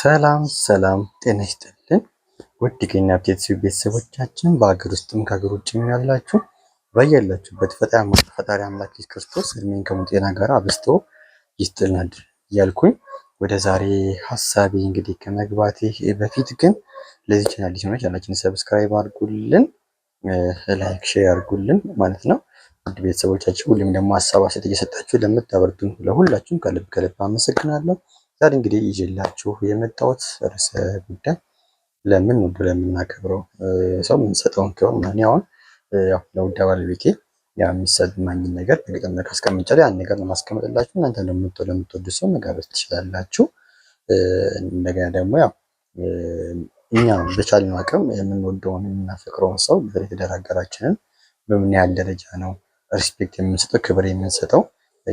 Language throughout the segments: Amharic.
ሰላም ሰላም ጤና ይስጥልን ውድ የኬኛ አፕዴት ቤተሰቦቻችን በሀገር ውስጥም ከሀገር ውጭ ያላችሁ በያላችሁበት ፈጣሪ አምላክ ኢየሱስ ክርስቶስ እድሜን ከሙሉ ጤና ጋር አብስቶ ይስጥልናል እያልኩኝ ወደ ዛሬ ሀሳቤ እንግዲህ ከመግባቴ በፊት ግን ለዚህ ቻናል ሊሆኖች ያላችን ሰብስክራይብ አድርጉልን፣ ላይክ ሼር አድርጉልን ማለት ነው። ውድ ቤተሰቦቻችን ሁሉም ደግሞ ሀሳብ አስተያየት እየሰጣችሁ ለምታበርቱን ለሁላችሁም ከልብ ከልብ አመሰግናለሁ። ዛሬ እንግዲህ ይዤላችሁ የመጣሁት ርዕሰ ጉዳይ ለምን ውድ ለምናከብረው ሰው የምንሰጠውን ክብር ማን አሁን ያው ለውድ ባለቤቴ የሚሰማኝን ነገር በግጥም ካስቀምጫለሁ ያን ነገር ለማስቀመጥላችሁ እናንተ ለምትወ ለምትወዱ ሰው መጋበዝ ትችላላችሁ። እንደገና ደግሞ ያው እኛ በቻልን አቅም የምንወደውን የምናፈቅረውን ሰው በትዳር አጋራችንን በምን ያህል ደረጃ ነው ሪስፔክት የምንሰጠው ክብር የምንሰጠው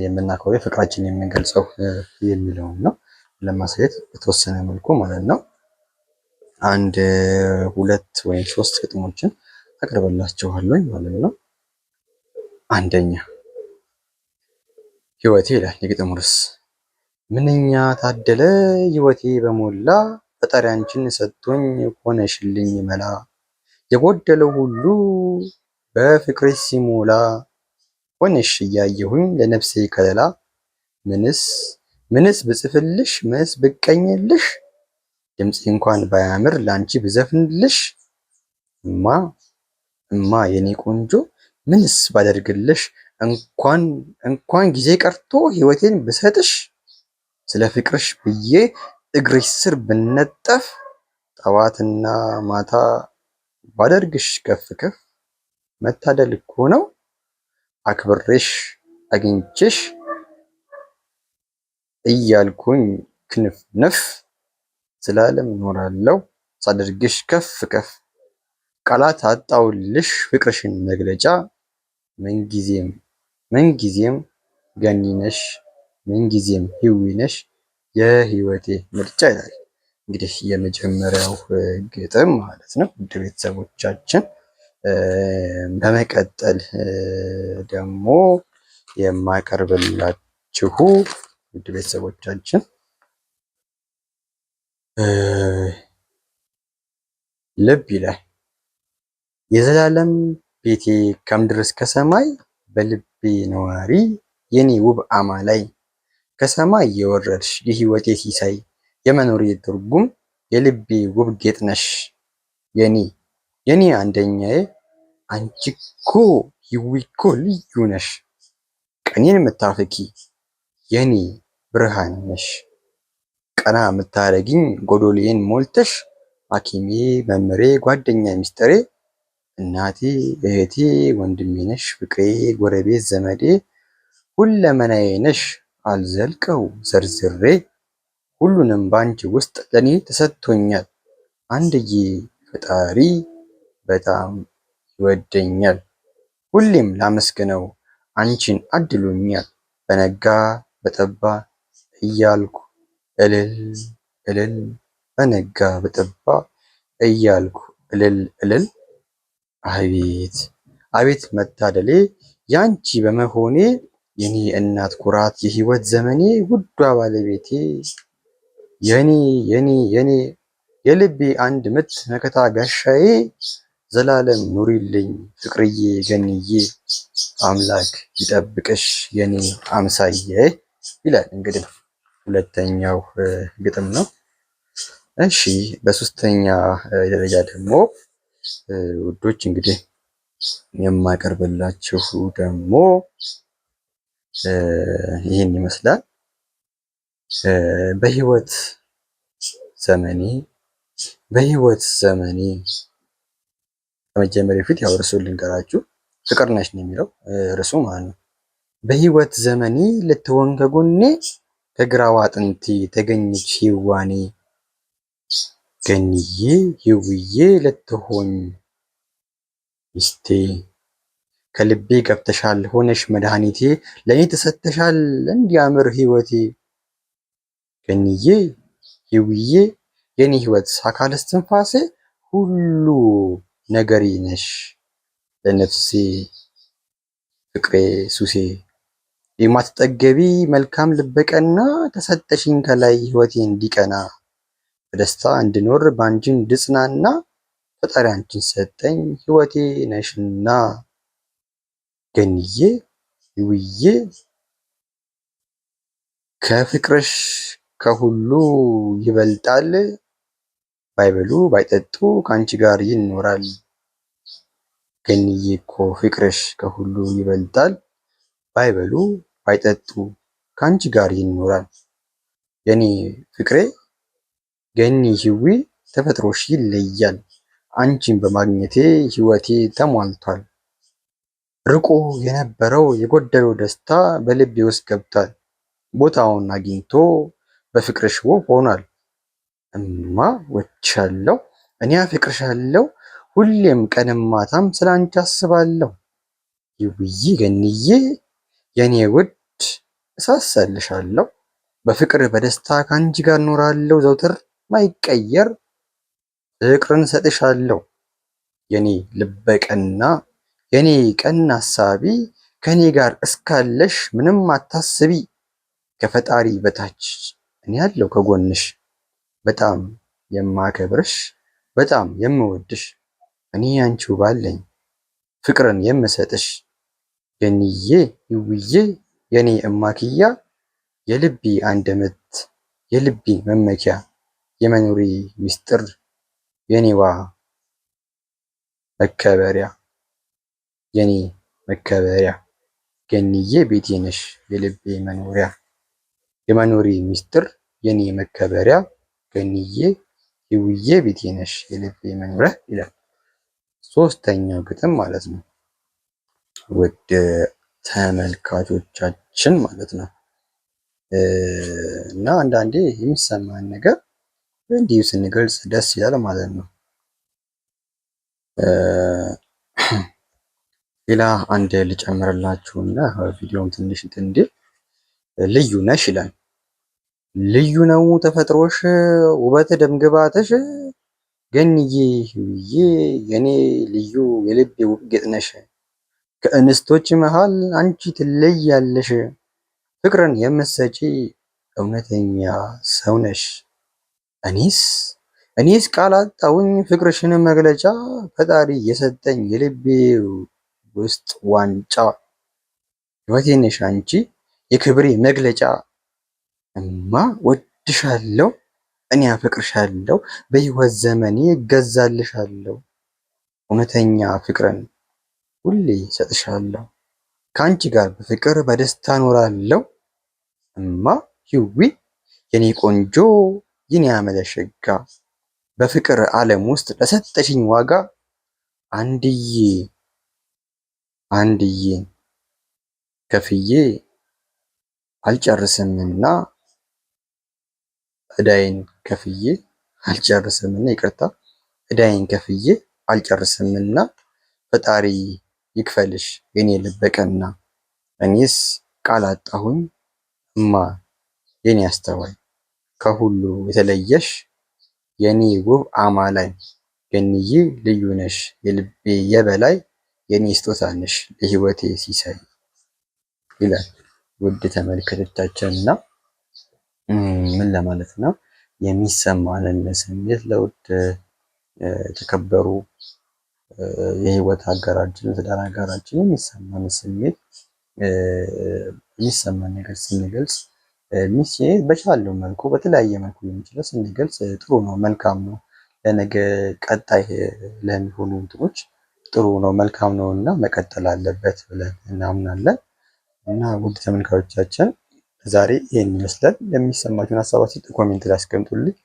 የምናከብረው የፍቅራችን የምንገልጸው የሚለውን ነው። ለማሳየት በተወሰነ መልኩ ማለት ነው አንድ ሁለት ወይም ሶስት ግጥሞችን አቅርበላችኋለሁ ማለት ነው። አንደኛ ህይወቴ ይላል የግጥሙ ርዕስ። ምንኛ ታደለ ህይወቴ በሞላ ፈጣሪ አንቺን ሰጥቶኝ ሆነሽልኝ መላ የጎደለው ሁሉ በፍቅርሽ ሲሞላ ሆነሽ እያየሁኝ ለነፍሴ ከለላ ምንስ ምንስ ብጽፍልሽ ምንስ ብቀኝልሽ ድምፅ እንኳን ባያምር ላንቺ ብዘፍንልሽ እማ እማ የኔ ቆንጆ ምንስ ባደርግልሽ እንኳን እንኳን ጊዜ ቀርቶ ህይወቴን ብሰጥሽ ስለ ፍቅርሽ ብዬ እግርሽ ስር ብነጠፍ ጠዋትና ማታ ባደርግሽ ከፍ ከፍ መታደል እኮ ነው አክብሬሽ አግኝቼሽ እያልኩኝ ክንፍ ንፍ ስላለም ኖራለው ሳደርግሽ ከፍ ከፍ ቃላት አጣውልሽ ፍቅርሽን መግለጫ ምንጊዜም ምንጊዜም ገኒነሽ ምንጊዜም ህዊነሽ የህይወቴ ምርጫ ይላል። እንግዲህ የመጀመሪያው ግጥም ማለት ነው ውድ ቤተሰቦቻችን። በመቀጠል ደግሞ የማቀርብላችሁ ውድ ቤተሰቦቻችን ልብ ይላል የዘላለም ቤቴ ከምድር እስከ ሰማይ በልቤ ነዋሪ የኔ ውብ አማላይ ከሰማይ የወረድሽ የህይወቴ ሲሳይ የመኖሬ ትርጉም የልቤ ውብ ጌጥ ነሽ የኔ የኔ አንደኛዬ አንቺ እኮ ህይወቴ እኮ ልዩ ነሽ ቀኔን የምታፈኪ የኔ ብርሃን ነሽ! ቀና ምታረጊኝ ጎዶልዬን ሞልተሽ ሐኪሜ መምሬ ጓደኛ ሚስጥሬ እናቴ እህቴ ወንድሜ ነሽ ፍቅሬ ጎረቤት ዘመዴ ሁለመናዬ ነሽ አልዘልቀው ዘርዝሬ ሁሉንም ባንቺ ውስጥ ለኔ ተሰጥቶኛል አንድዬ ፈጣሪ በጣም ይወደኛል ሁሌም ላመስግነው አንቺን አድሎኛል በነጋ በጠባ እያልኩ እልል እልል በነጋ በጠባ እያልኩ እልል እልል አቤት አቤት መታደሌ ያንቺ በመሆኔ የኔ እናት ኩራት የህይወት ዘመኔ ውዷ ባለቤቴ የኔ የኔ የኔ የልቤ አንድ ምት መከታ ጋሻዬ ዘላለም ኑሪልኝ ፍቅርዬ ገንዬ አምላክ ይጠብቅሽ የኔ አምሳዬ ይላል እንግዲህ ሁለተኛው ግጥም ነው። እሺ በሶስተኛ ደረጃ ደግሞ ውዶች እንግዲህ የማቀርብላችሁ ደግሞ ይህን ይመስላል። በህይወት ዘመኔ በህይወት ዘመኔ ከመጀመሪያ ፊት ያው ርሱን ልንገራችሁ። ፍቅር ነሽ ነው የሚለው ርሱ ማለት ነው። በህይወት ዘመኔ ልትሆን ከጎኔ ከግራዋ አጥንት ተገኘች ሂዋኔ ገንዬ ይውዬ ልትሆኝ ሚስቴ ከልቤ ገብተሻል ሆነሽ መድኃኒቴ ለእኔ ተሰጥተሻል እንዲያምር ህይወቴ ገንዬ ይውዬ የኔ ህይወት አካል እስትንፋሴ ሁሉ ነገሬ ነሽ ለነፍሴ ፍቅሬ ሱሴ የማትጠገቢ መልካም ልበቀና ተሰጠሽኝ ከላይ ህይወቴ እንዲቀና በደስታ እንድኖር ባንቺን ድጽናና ፈጣሪ አንቺን ሰጠኝ ህይወቴ ነሽና። ገንዬ ይውዬ ከፍቅርሽ ከሁሉ ይበልጣል ባይበሉ ባይጠጡ ከአንቺ ጋር ይኖራል። ገንዬ እኮ ፍቅርሽ ከሁሉ ይበልጣል ባይበሉ ባይጠጡ ከአንቺ ጋር ይኖራል። የኔ ፍቅሬ ገኒ ህዊ ተፈጥሮሽ ይለያል። አንቺን በማግኘቴ ህይወቴ ተሟልቷል። ርቆ የነበረው የጎደለው ደስታ በልቤ ውስጥ ገብቷል። ቦታውን አግኝቶ በፍቅርሽ ውብ ሆኗል። እማ ወቻለው እኔ አፍቅርሻለው፣ ሁሌም ቀንም ማታም ስላንቺ አስባለሁ። ይውይ ገንዬ የኔ ውድ እሳሳልሻለሁ በፍቅር በደስታ ከአንቺ ጋር እኖራለሁ ዘውትር ማይቀየር ፍቅርን ሰጥሻለሁ የኔ ልበቀና የኔ ቀን አሳቢ ከኔ ጋር እስካለሽ ምንም አታስቢ ከፈጣሪ በታች እኔ ያለው ከጎንሽ በጣም የማከብርሽ በጣም የምወድሽ እኔ ያንቺው ባለኝ ፍቅርን የምሰጥሽ የኔዬ ይውዬ የኔ እማክያ የልቤ አንደመት የልቤ መመኪያ የመኖሬ ምስጢር የኔዋ መከበሪያ የኔ መከበሪያ ገንዬ ቤቴ ነሽ የልቤ መኖሪያ የመኖሬ ምስጢር የኔ መከበሪያ ገንዬ የውዬ ቤቴ ነሽ የልቤ መኖሪያ ይላል። ሶስተኛው ግጥም ማለት ነው። ውድ ተመልካቾቻችን ማለት ነው። እና አንዳንዴ የሚሰማን ነገር እንዲሁ ስንገልጽ ደስ ይላል ማለት ነው። ሌላ አንድ ልጨምርላችሁ እና ቪዲዮም ትንሽ ትንዴ ልዩ ነሽ ይላል። ልዩ ነው ተፈጥሮሽ ውበት ደምግባትሽ ገንዬ ብዬ የኔ ልዩ የልቤ ውብ ጌጥ ነሽ ከእንስቶች መሃል አንቺ ትለያለሽ፣ ፍቅርን የምትሰጪ እውነተኛ ሰው ነሽ። እኔስ እኔስ ቃል አጣውኝ ፍቅርሽን መግለጫ ፈጣሪ የሰጠኝ የልቤ ውስጥ ዋንጫ። ህይወቴ ነሽ አንቺ የክብሬ መግለጫ። እማ ወድሻለሁ፣ እኔ አፈቅርሻለሁ፣ በህይወት ዘመኔ እገዛልሻለሁ እውነተኛ ፍቅርን ሁሌ ይሰጥሻለሁ። ከአንቺ ጋር በፍቅር በደስታ ኖራለሁ። እማ ሂዊ የኔ ቆንጆ የኔ አመለሸጋ በፍቅር ዓለም ውስጥ ለሰጠሽኝ ዋጋ አንድዬ አንድዬ ከፍዬ አልጨርስምና እዳይን ከፍዬ አልጨርስምና ይቅርታ እዳይን ከፍዬ አልጨርስምና ፈጣሪ ይክፈልሽ የኔ ልበቀና እኔስ ቃል አጣሁኝ እማ የኔ አስተዋይ፣ ከሁሉ የተለየሽ የኔ ውብ አማላይ፣ ገንዬ ልዩ ነሽ የልቤ የበላይ፣ የኔ ስጦታ ነሽ ለህይወቴ ሲሳይ ይላል። ውድ ተመልካቾቻችን እና ምን ለማለት ነው የሚሰማንን ስሜት ለውድ የተከበሩ የህይወት አጋራችን የትዳር አጋራችን የሚሰማን ስሜት የሚሰማን ነገር ስንገልጽ ሚስት በቻለው መልኩ በተለያየ መልኩ ሊሆን ይችላል ስንገልጽ ጥሩ ነው፣ መልካም ነው፣ ለነገ ቀጣይ ለሚሆኑ እንትኖች ጥሩ ነው፣ መልካም ነው እና መቀጠል አለበት ብለን እናምናለን። እና ውድ ተመልካቾቻችን ዛሬ ይህን ይመስላል። የሚሰማችሁን ሀሳባችን ኮሜንት ላይ አስቀምጡልኝ።